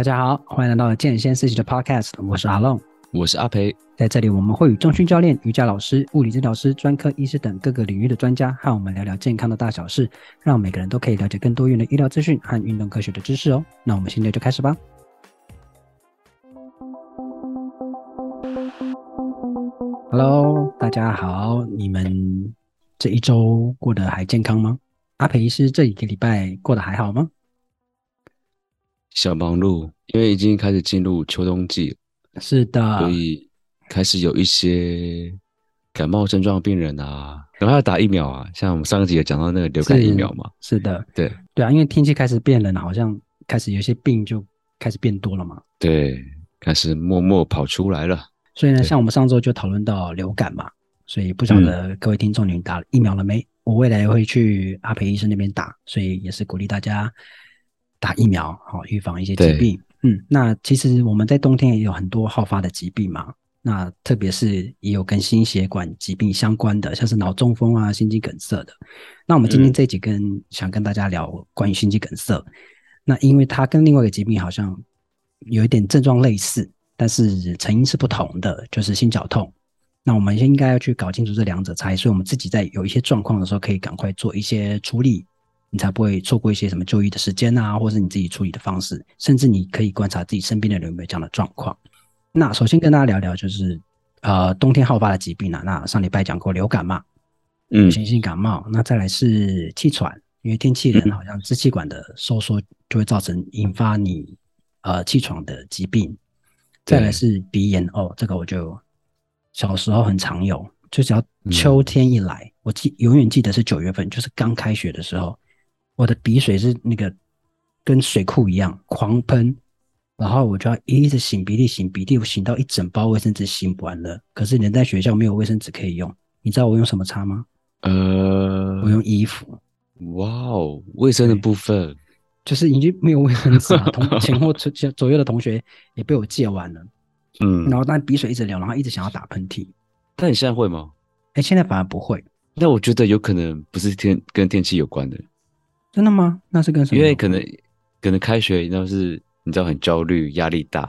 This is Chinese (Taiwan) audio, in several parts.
大家好，歡迎來到健先四級的 Podcast，我是阿龍，我是阿培，在這裡我們會與重訓教練、瑜伽老師、物理治療師、專科醫師等各個領域的專家和我們聊聊健康的大小事，讓我每個人都可以了解更多元的醫療資訊和運動科學的知識哦。那我們現在就開始吧。Hello，大家好，你們這一周過得還健康嗎？阿培醫師這一個禮拜過得還好嗎？小忙碌。因為已經開始進入秋冬季了，是的，所以開始有一些感冒症狀的病人啊，然後要打疫苗啊，像我們上一集也講到那個流感疫苗嘛，是，是的，對對啊，因為天氣開始變冷，好像開始有些病就開始變多了嘛，對，開始默默跑出來了。所以呢，對像我們上周就討論到流感嘛，所以不曉得、嗯、各位聽眾你打疫苗了沒？我未來會去阿培醫生那邊打，所以也是鼓勵大家打疫苗，好、哦、預防一些疾病。嗯，那其實我們在冬天也有很多好發的疾病嘛，那特別是也有跟心血管疾病相關的，像是腦中風啊、心肌梗塞的。那我們今天這集跟、嗯、想跟大家聊關於心肌梗塞，那因為它跟另外一個疾病好像有一點症狀類似，但是成因是不同的，就是心絞痛。那我們先應該要去搞清楚這兩者差異，所以我們自己在有一些狀況的時候可以趕快做一些處理。你才不會錯過一些什麼就醫的時間吶、啊，或是你自己處理的方式，甚至你可以觀察自己身邊的人有沒有這樣的狀況。那首先跟大家聊聊就是，呃，冬天好發的疾病啊，那上禮拜講過流感嘛，嗯，急性感冒、流行性感冒。嗯、那再來是氣喘，因為天氣冷，好像支氣管的收縮就會造成引發你、嗯、呃氣喘的疾病。對再來是鼻炎哦，這個我就小時候很常有，就只要秋天一來，嗯、我記永遠記得是九月份，就是剛開學的時候。我的鼻水是那個跟水庫一樣狂噴，然後我就要一直擤鼻涕，擤鼻涕，我擤到一整包衛生紙擤不完了。可是人在學校沒有衛生紙可以用，你知道我用什麼擦嗎？呃，我用衣服。哇哦，衛生的部分就是已經沒有衛生紙了、啊，同 前後左右的同學也被我借完了。嗯，然後但鼻水一直流，然後一直想要打噴嚏。但你現在會嗎？哎、欸，現在反而不會。那我覺得有可能不是天跟天氣有關的。真的嗎？那是跟什麼？因為可能，可能開學你知道是，你知道很焦慮，壓力大，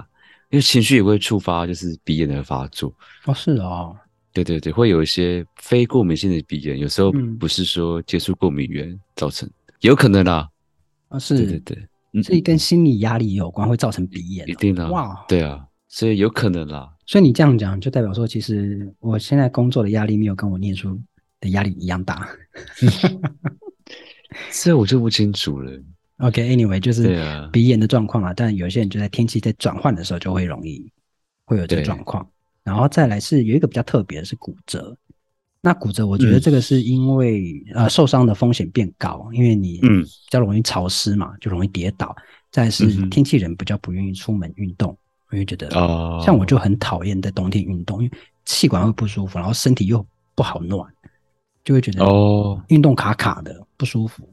因為情緒也會觸發，就是鼻炎的發作。哦，是哦，對對對，會有一些非過敏性的鼻炎，有時候不是說接觸過敏原造成，嗯、有可能啦。啊，是。對對對，所以跟心理壓力有關，會造成鼻炎。哦嗯。一定的、啊。哇 Wow。對啊，所以有可能啦。所以你這樣講，就代表說，其實我現在工作的壓力沒有跟我念書的壓力一樣大。 這我就不清楚了。OK，anyway，、okay, 就是鼻炎的狀況啊。但有些人就在天氣在轉換的時候就會容易會有這個狀況。對然後再來是有一個比較特別的是骨折。那骨折，我覺得這個是因為、嗯、呃受傷的風險變高，因為你比較容易潮濕嘛，嗯、就容易跌倒。再是天氣人比較不願意出門運動，嗯、哼因為覺得像我就很討厭在冬天運動，哦、因為氣管會不舒服，然後身體又不好暖。就會覺得哦，運動卡卡的、oh. 不舒服，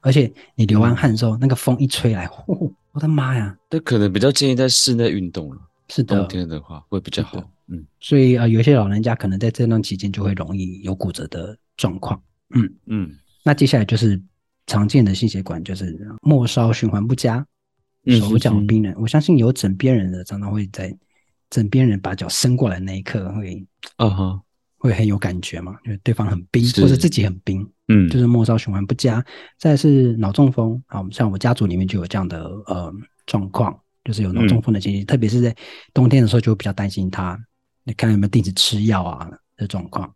而且你流完汗之後，嗯、那個風一吹來，呼呼，我的媽呀！那可能比較建議在室內運動了，是的，冬天的話會比較好。的嗯，所以啊、呃，有些老人家可能在這段期間就會容易有骨折的狀況。嗯嗯，那接下來就是常見的心血管，就是末梢循環不佳，嗯、手腳冰冷。是是是我相信有枕邊人的常常會在枕邊人把腳伸過來那一刻會啊哈、uh。Huh. 會很有感覺嘛？因為對方很冰，是或者自己很冰，嗯，就是末梢循環不佳。再是腦中風啊，像我們家族裡面就有這樣的呃狀況，就是有腦中風的情緒、嗯、特別是在冬天的時候就會比較擔心他。你看有沒有定時吃藥啊的狀況？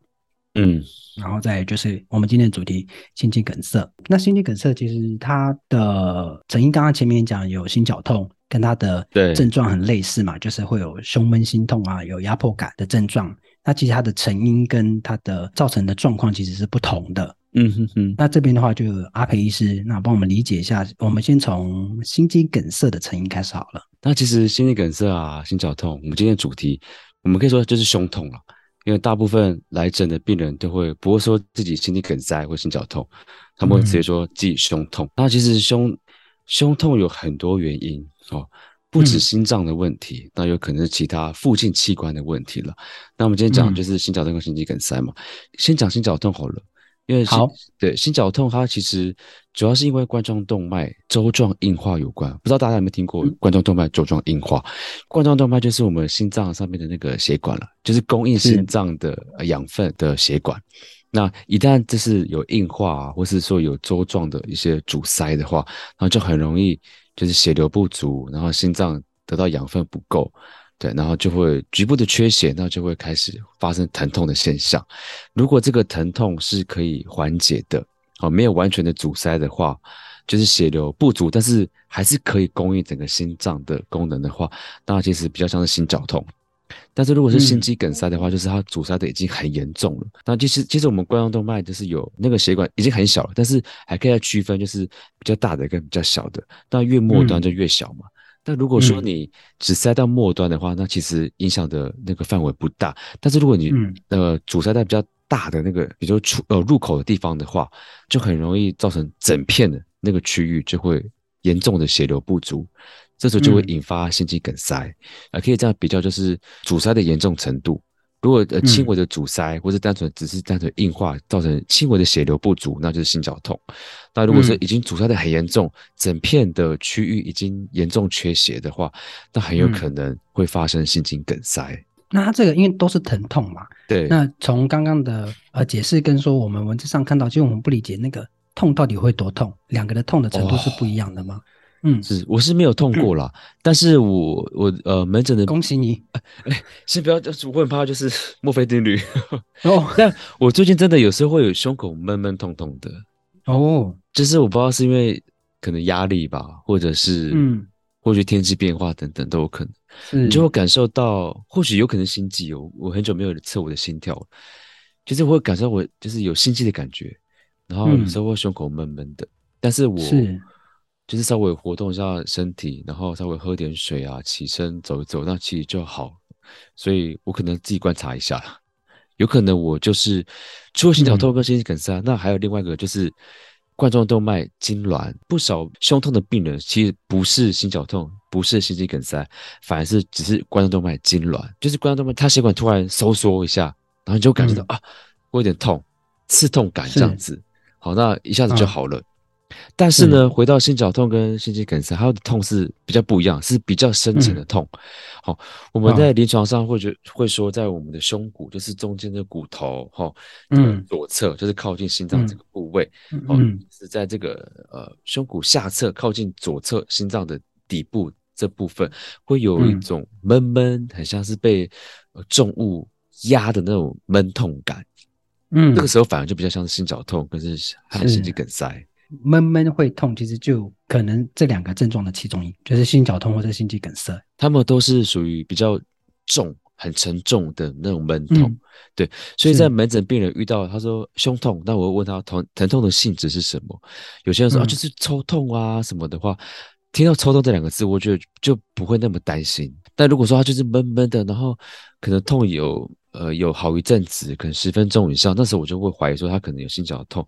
嗯，然後再就是我們今天的主題，心肌梗塞。那心肌梗塞其實它的成因，剛剛前面講有心絞痛，跟它的症狀很類似嘛，對就是會有胸悶、心痛啊，有壓迫感的症狀。那其實它的成因跟它的造成的狀況其實是不同的，嗯哼哼。嗯嗯嗯，那這邊的話，就阿培醫師，那我幫我們理解一下。我們先從心肌梗塞的成因開始好了。那其實心肌梗塞啊，心絞痛，我們今天的主題，我們可以說就是胸痛了。因為大部分來診的病人，都會不會說自己心肌梗塞或心絞痛，他們會直接說自己胸痛。嗯、那其實胸胸痛有很多原因哦。不止心臟的問題，那有、嗯、可能是其他附近器官的問題了。那我們今天講的就是心絞痛跟心肌梗塞嘛。嗯、先講心絞痛好了，因為心好對心絞痛，它其實主要是因為冠狀動脈粥狀硬化有關。不知道大家有沒有聽過冠狀動脈粥狀硬化？嗯、冠狀動脈就是我們心臟上面的那個血管了，就是供應心臟的養分的血管。是那一旦這是有硬化、啊，或是說有粥狀的一些阻塞的話，那就很容易。就是血流不足，然後心臟得到養分不夠，對，然後就會局部的缺血，那就會開始發生疼痛的現象。如果這個疼痛是可以緩解的，哦，沒有完全的阻塞的話，就是血流不足，但是還是可以供應整個心臟的功能的話，那其實比較像是心絞痛。但是如果是心肌梗塞的話，嗯、就是它阻塞的已經很嚴重了。那其實其實我們冠狀動脈就是有那個血管已經很小了，但是還可以再區分，就是比較大的跟比較小的。那越末端就越小嘛。那、嗯、如果說你只塞到末端的話，那其實影響的那個範圍不大。但是如果你、嗯、呃阻塞在比較大的那個比較出呃入口的地方的話，就很容易造成整片的那個區域就會嚴重的血流不足。這時候就會引發心肌梗塞，啊、嗯呃，可以這樣比較，就是阻塞的嚴重程度。如果、呃、輕微的阻塞，嗯、或者單純只是單純硬化造成輕微的血流不足，那就是心絞痛。那如果是已經阻塞得很嚴重，嗯、整片的區域已經嚴重缺血的話，那很有可能會發生心肌梗塞。那它這個因為都是疼痛嘛，對。那從剛剛的呃解釋跟說，我們文字上看到，其實我們不理解那個痛到底會多痛，兩個的痛的程度是不一樣的嗎？哦嗯，是我是沒有痛過啦，嗯、但是我我呃門診的恭喜你、哎，先不要，就是我很怕就是墨菲定律，哦， 但我最近真的有時候會有胸口悶悶痛痛的，哦，就是我不知道是因為可能壓力吧，或者是嗯，或者天氣變化等等都有可能，你是就會感受到，或許有可能心悸，我我很久沒有測我的心跳，就是我會感受，我就是有心悸的感覺，然後有時候有胸口悶悶的，嗯、但是我是。就是稍微活動一下身體，然後稍微喝點水啊，起身走一走，那其實就好。所以我可能自己觀察一下，有可能我就是除了心絞痛跟心肌梗塞，嗯、那還有另外一個就是冠狀動脈痙攣。不少胸痛的病人其實不是心絞痛，不是心肌梗塞，反而是只是冠狀動脈痙攣，就是冠狀動脈它血管突然收縮一下，然後你就感覺到、嗯、啊，我有點痛，刺痛感這樣子，是好，那一下子就好了。啊但是呢，嗯、回到心絞痛跟心肌梗塞，它的痛是比較不一樣，是比較深層的痛。好、嗯哦，我們在臨床上會覺會說，在我們的胸骨就是中間的骨頭，哈、哦，嗯、就是，左側就是靠近心臟這個部位，嗯、哦，就是在這個呃胸骨下側靠近左側心臟的底部這部分，會有一種悶悶，很像是被重物壓的那種悶痛感。嗯，那個時候反而就比較像是心絞痛，可是和心肌梗塞。嗯嗯悶悶會痛，其實就可能這兩個症狀的其中一，就是心絞痛或者心肌梗塞。他們都是屬於比較重、很沉重的那種悶痛，嗯、對。所以在門診病人遇到是他說胸痛，那我會問他疼疼痛的性質是什麼？有些人說、嗯、啊，就是抽痛啊什麼的話，聽到抽痛這兩個字，我就就不會那麼擔心。但如果說他就是悶悶的，然後可能痛有呃有好一陣子，可能十分鐘以上，那時候我就會懷疑說他可能有心絞痛，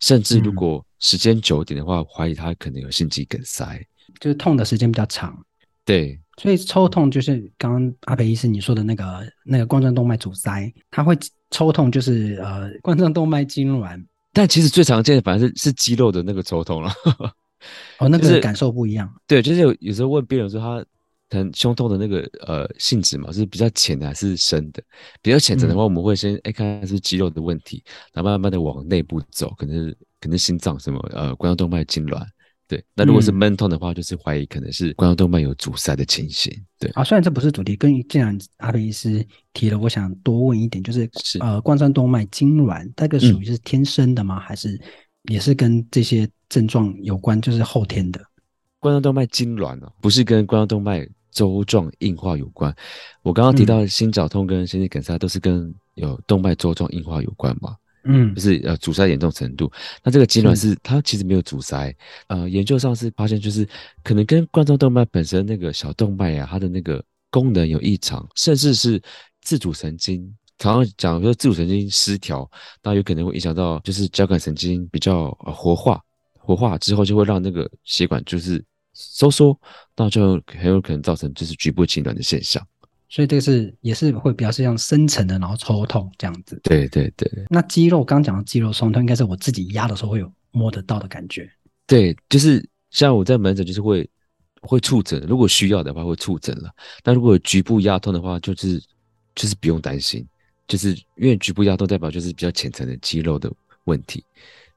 甚至如果、嗯。時間久點的話，懷疑他可能有心肌梗塞，就是痛的時間比較長。對，所以抽痛就是剛剛阿北醫師你說的那個那個冠狀動脈阻塞，他會抽痛，就是呃冠狀動脈痙攣。但其實最常見的反正是是肌肉的那個抽痛了。 就是、哦，那個是感受不一樣。對，就是有有時候問病人說他疼胸痛的那個呃性質嘛，是比較淺的還是深的？比較淺層的話，我們會先哎、嗯欸、看看是肌肉的問題，然後慢慢的往內部走，可能、就是。可能心臟什麼，呃，冠狀動脈痙攣，對。那如果是悶痛 an 的話，嗯、就是懷疑可能是冠狀動脈有阻塞的情形，對。啊，雖然這不是主題，跟既然阿的醫師提了，我想多問一點，就是，是呃，冠狀動脈痙攣，這個屬於是天生的嗎？嗯、還是也是跟這些症狀有關，就是後天的？冠狀動脈痙攣哦，不是跟冠狀動脈粥狀硬化有關。我剛剛提到的心絞痛跟心肌梗塞都是跟有動脈粥狀硬化有關嘛？嗯嗯， 就是呃阻塞嚴重程度，那這個痙攣是、嗯、它其實沒有阻塞，呃，研究上是發現就是可能跟冠狀動脈本身那個小動脈呀、啊，它的那個功能有異常，甚至是自主神經，常常講說自主神經失調，那有可能會影響到就是交感神經比較呃活化，活化之後就會讓那個血管就是收縮，那就很有可能造成就是局部痙攣的現象。所以這個是也是會比較像深層的，然後抽痛這樣子。對對對。那肌肉，剛剛講的肌肉痠痛，應該是我自己壓的時候會有摸得到的感覺。對，就是像我在門診就是會會觸診，如果需要的話會觸診了。但如果局部壓痛的話，就是就是不用擔心，就是因為局部壓痛代表就是比較淺層的肌肉的問題。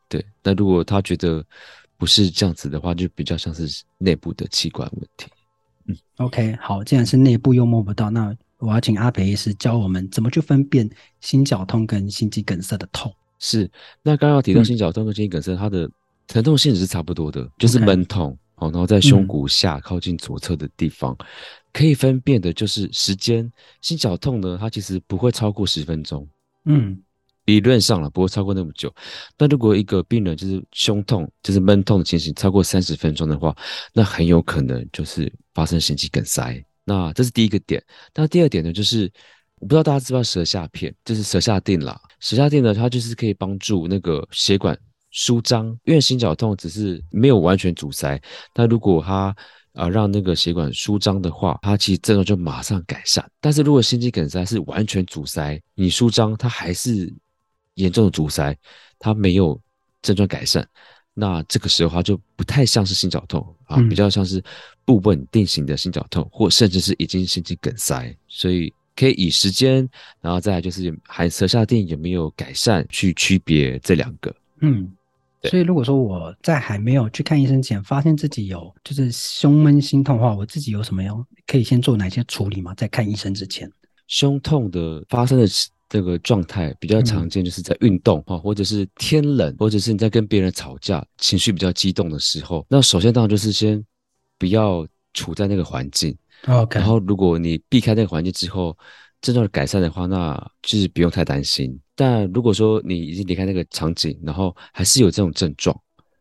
對，那如果他覺得不是這樣子的話，就比較像是內部的器官問題。嗯，OK，好，既然是內部又摸不到，那我要請阿培醫師教我們怎麼去分辨心絞痛跟心肌梗塞的痛。是，那剛剛提到心絞痛跟心肌梗塞，嗯、它的疼痛性質是差不多的，就是悶痛哦，嗯、然後在胸骨下、嗯、靠近左側的地方，可以分辨的就是時間，心絞痛呢，它其實不會超過十分鐘。嗯。理論上啦，不會超過那麼久，那如果一個病人就是胸痛，就是悶痛的情形超過三十分鐘的話，那很有可能就是發生心肌梗塞。那這是第一個點。那第二點呢，就是我不知道大家知不知道舌下片，就是舌下定啦。舌下定呢，它就是可以幫助那個血管舒張，因為心絞痛只是沒有完全阻塞。那如果它啊讓那個血管舒張的話，它其實症狀就馬上改善。但是如果心肌梗塞是完全阻塞，你舒張它還是。嚴重的阻塞，它沒有症狀改善，那這個時候它就不太像是心絞痛、嗯、啊，比較像是不穩定型的心絞痛，或甚至是已經心肌梗塞，所以可以以時間，然後再來就是含舌下錠有沒有改善去區別這兩個。嗯，對所以如果說我在還沒有去看醫生前，發現自己有就是胸悶心痛的話，我自己有什麼用？可以先做哪些處理嗎？在看醫生之前，胸痛的發生的那個狀態比較常見，就是在運動哈，嗯、或者是天冷，或者是你在跟別人吵架，情緒比較激動的時候。那首先當然就是先不要處在那個環境。Okay. 然後如果你避開那個環境之後，症狀改善的話，那就是不用太擔心。但如果說你已經離開那個場景，然後還是有這種症狀，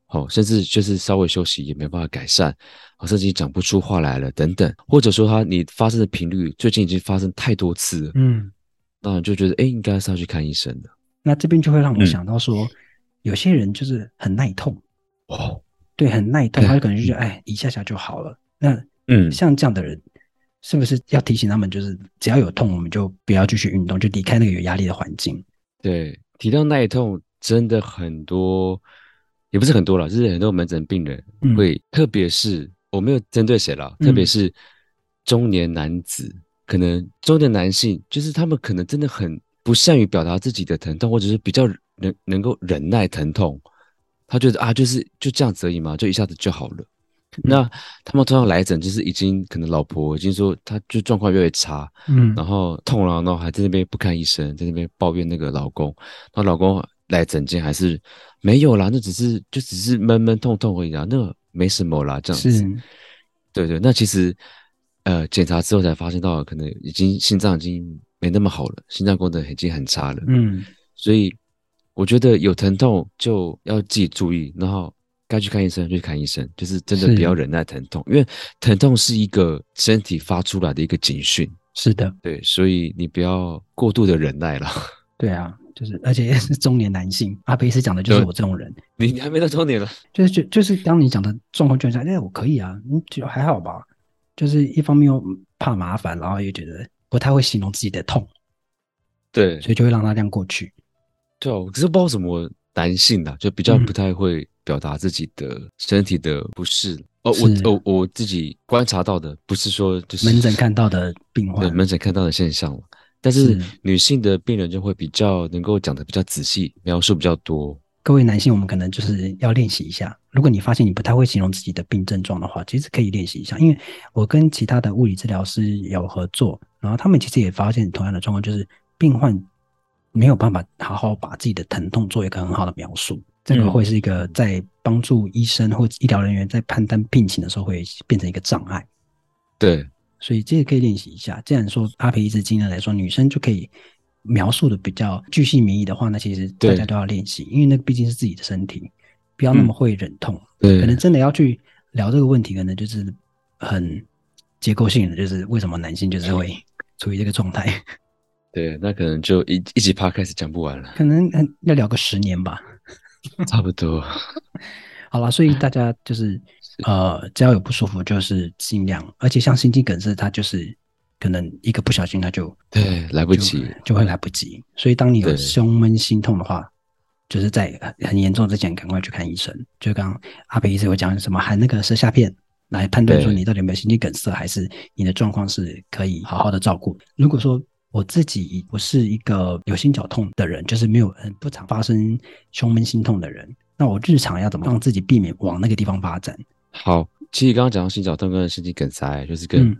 好、哦，甚至就是稍微休息也沒辦法改善，好、啊，甚至講不出話來了等等，或者說它你發生的頻率最近已經發生太多次了，嗯。那就覺得，哎，應該是要去看醫生的。那這邊就會讓我想到說，嗯、有些人就是很耐痛。哦，對，很耐痛，他就可能就覺得，嗯、哎，一下下就好了。那，嗯，像這樣的人，是不是要提醒他們，就是只要有痛，我們就不要繼續運動，就離開那個有壓力的環境？對，提到耐痛，真的很多，也不是很多啦，就是很多門診病人會，嗯、特別是我沒有針對誰啦，嗯、特別是中年男子。可能中年男性就是他們可能真的很不善於表達自己的疼痛，或者是比較能能夠忍耐疼痛。他覺得啊，就是就這樣子而已嘛，就一下子就好了。嗯、那他們通常來診，就是已經可能老婆已經說，他就狀況越來越差，嗯，然後痛了，然後還在那邊不看醫生，在那邊抱怨那個老公。那老公來診間還是沒有啦，那只是就只是悶悶痛痛而已啊，那沒什麼啦，這樣子。是對對，那其實。呃，檢查之後才發現到，可能已經心臟已經沒那麼好了，心臟功能已經很差了。嗯，所以我覺得有疼痛就要自己注意，然後該去看醫生去看醫生，就是真的不要忍耐疼痛，是因為疼痛是一個身體發出來的一個警訊。是的，對，所以你不要過度的忍耐了。對啊，就是而且是中年男性，嗯、阿伯斯講的就是我這種人。你、呃、你還沒到中年了，就是就是、就是當你講的狀況就是，哎、欸，我可以啊，你就還好吧。就是一方面又怕麻煩，然後又覺得不太會形容自己的痛，對，所以就會讓他這樣過去。對哦、啊，可是不知道怎麼男性的、啊、就比較不太會表達自己的身體的不適，嗯、哦，我是哦，我自己觀察到的，不是說就是門診看到的病患，對、嗯、門診看到的現象，但是女性的病人就會比較能夠講的比較仔細，描述比較多。各位男性，我們可能就是要練習一下。如果你發現你不太會形容自己的病症狀的話，其實可以練習一下。因為我跟其他的物理治療師有合作，然後他們其實也發現同樣的狀況，就是病患沒有辦法好好把自己的疼痛做一個很好的描述。這個會是一個在幫助醫生或醫療人員在判斷病情的時候會變成一個障礙。對，所以這個可以練習一下。既然說，阿皮一直經驗來說，女生就可以描述的比較巨細靡遺的話，那其實大家都要練習，對因為那畢竟是自己的身體，不要那麼會忍痛。嗯、對，可能真的要去聊這個問題，可能就是很結構性的，就是為什麼男性就是會處於這個狀態。對，那可能就一一集 part 開始講不完了，可能要聊個十年吧。 差不多。好了，所以大家就是，是呃，只要有不舒服，就是盡量，而且像心肌梗塞，它就是。可能一個不小心，他就對，來不及，就、就會來不及。所以，當你有胸悶心痛的話，對就是在很嚴重之前，趕快去看醫生。就剛剛阿培醫生有講什麼，含那個舌下片來判斷說你到底有沒有心肌梗塞，對還是你的狀況是可以好好的照顧。好好。如果說我自己我是一個有心絞痛的人，就是沒有不常發生胸悶心痛的人，那我日常要怎麼讓自己避免往那個地方發展？好，其實剛剛講到心絞痛跟心肌梗塞，就是跟、嗯。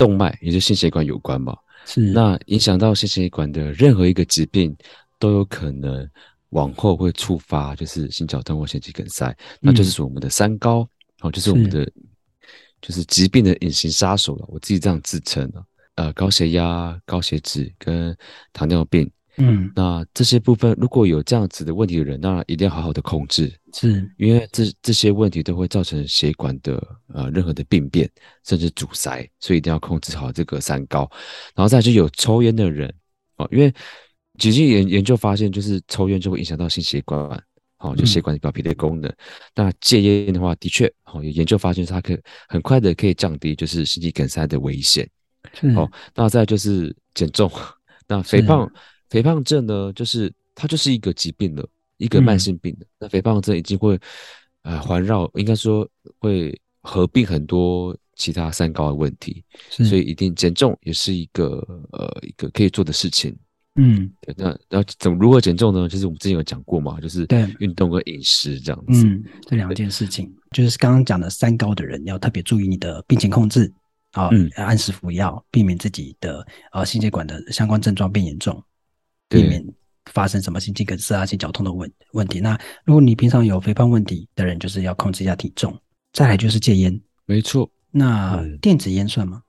動脈，也就是心血管有關嘛，是，那影響到心血管的任何一個疾病，都有可能往後會觸發，就是心絞痛或心肌梗塞，那就是屬我們的三高，嗯、哦，就是我們的是就是疾病的隱形殺手了，我自己這樣自稱，呃，高血壓、高血脂跟糖尿病。嗯，那這些部分如果有這樣子的問題的人，那一定要好好的控制，是因為這這些問題都會造成血管的呃任何的病變，甚至阻塞，所以一定要控制好這個三高。然後再就有抽菸的人哦，因為最近研、嗯、研究發現，就是抽菸就會影響到心血管，好、哦，就血管表皮的功能。嗯、那戒菸的話，的確，好、哦、有研究發現，它可以很快的可以降低就是心肌梗塞的危險。是哦，那再就是減重，那肥胖、啊。肥胖症呢，就是它就是一個疾病的，一個慢性病的。嗯、那肥胖症已經會啊、呃、環繞，應該說會合併很多其他三高的問題，嗯、所以一定減重也是一個呃一個可以做的事情。嗯，那然後怎麼如何減重呢？其、就、實、是、我們之前有講過嘛，就是對運動和飲食這樣子，嗯、這兩件事情。對就是剛剛講的三高的人，要特別注意你的病情控制啊，呃嗯、按時服藥，避免自己的呃心血管的相關症狀變嚴重。對避免發生什麼心肌梗塞啊、心絞痛的問問題。那如果你平常有肥胖問題的人，就是要控制一下體重。再來就是戒菸，沒錯錯。那電子菸算嗎？嗯、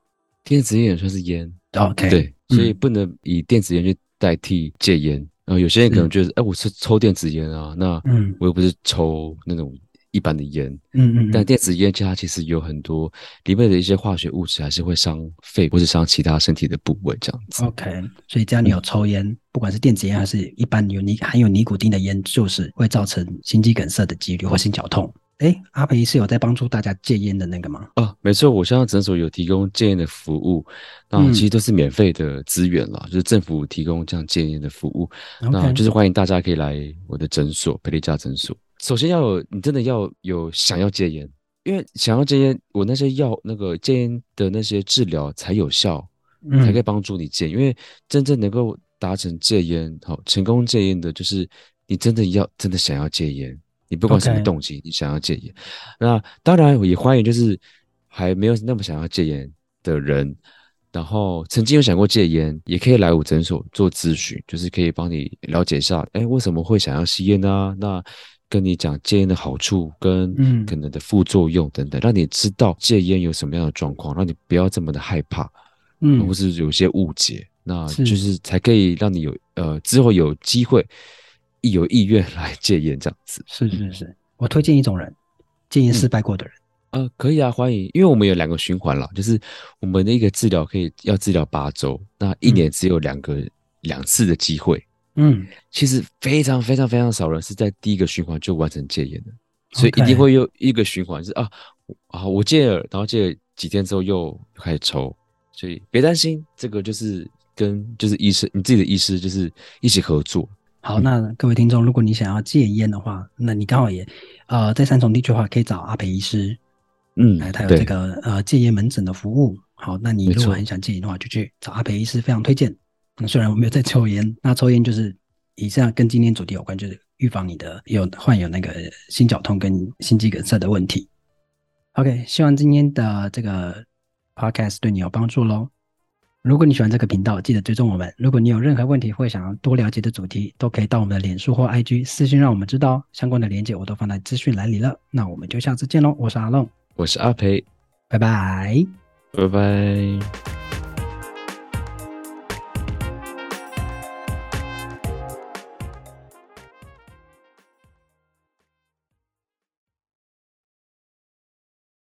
電子菸也算是菸，OK。對，所以不能以電子菸去代替戒菸。嗯、然後有些人可能覺得，哎是、欸，我是抽電子菸啊，那我又不是抽那種。嗯一般的菸，嗯,嗯嗯，但電子菸其實其實有很多裡面的一些化學物質還是會傷肺或者傷其他身體的部位這樣子。OK，所以只要你有抽菸，嗯、不管是電子菸還是一般有尼含有尼古丁的菸，就是會造成心肌梗塞的幾率或心絞痛。哎、欸，阿培是有在幫助大家戒菸的那個嗎？哦、啊，沒錯，我現在診所有提供戒菸的服務，那其實都是免費的資源了，嗯、就是政府提供這樣戒菸的服務，Okay 那就是歡迎大家可以來我的診所佩利家診所。首先要有，你真的要有想要戒菸，因為想要戒菸，我那些藥那個戒菸的那些治療才有效，嗯、才可以幫助你戒菸。因為真正能夠達成戒菸、好成功戒菸的，就是你真的要真的想要戒菸，你不管什麼動機，Okay. 你想要戒菸。那當然，我也歡迎就是還沒有那麼想要戒菸的人，然後曾經有想過戒菸，也可以來我診所做諮詢，就是可以幫你了解一下，哎、欸，為什麼會想要吸菸啊？那跟你講戒菸的好處跟可能的副作用等等，嗯、讓你知道戒菸有什麼樣的狀況，讓你不要這麼的害怕，嗯，或是有些誤解，那就是才可以讓你有呃之後有機會有意願來戒菸這樣子。是是是，我推薦一種人，戒菸、嗯、失敗過的人、嗯，呃，可以啊，歡迎，因為我們有兩個循環了，就是我們的一個治療可以要治療八週，那一年只有兩個、嗯、兩次的機會。嗯，其實非常非常非常少人是在第一個循環就完成戒煙的，Okay. 所以一定會有一個循環，就是啊我戒了，然後戒了幾天之後又開始抽，所以別擔心，這個就是跟就是醫生你自己的醫師就是一起合作。嗯、好，那各位聽眾，如果你想要戒煙的話，那你剛好也呃在三重地區的話可以找阿培醫師，嗯，來，他有這個對呃戒煙門診的服務。好，那你如果很想戒煙的話，錯就去找阿培醫師，非常推薦。嗯、雖然我沒有在抽煙，那抽煙就是以上跟今天主題有關，就是預防你的有患有那個心絞痛跟心肌梗塞的問題。OK，希望今天的這個 podcast 對你有幫助嘍。如果你喜歡這個頻道，記得追蹤我們。如果你有任何問題或想要多了解的主題，都可以到我們的臉書或 IG 私信讓我們知道哦。相關的鏈接我都放在資訊欄裡了。那我們就下次見嘍。我是阿龍，我是阿培，拜拜 bye，拜拜。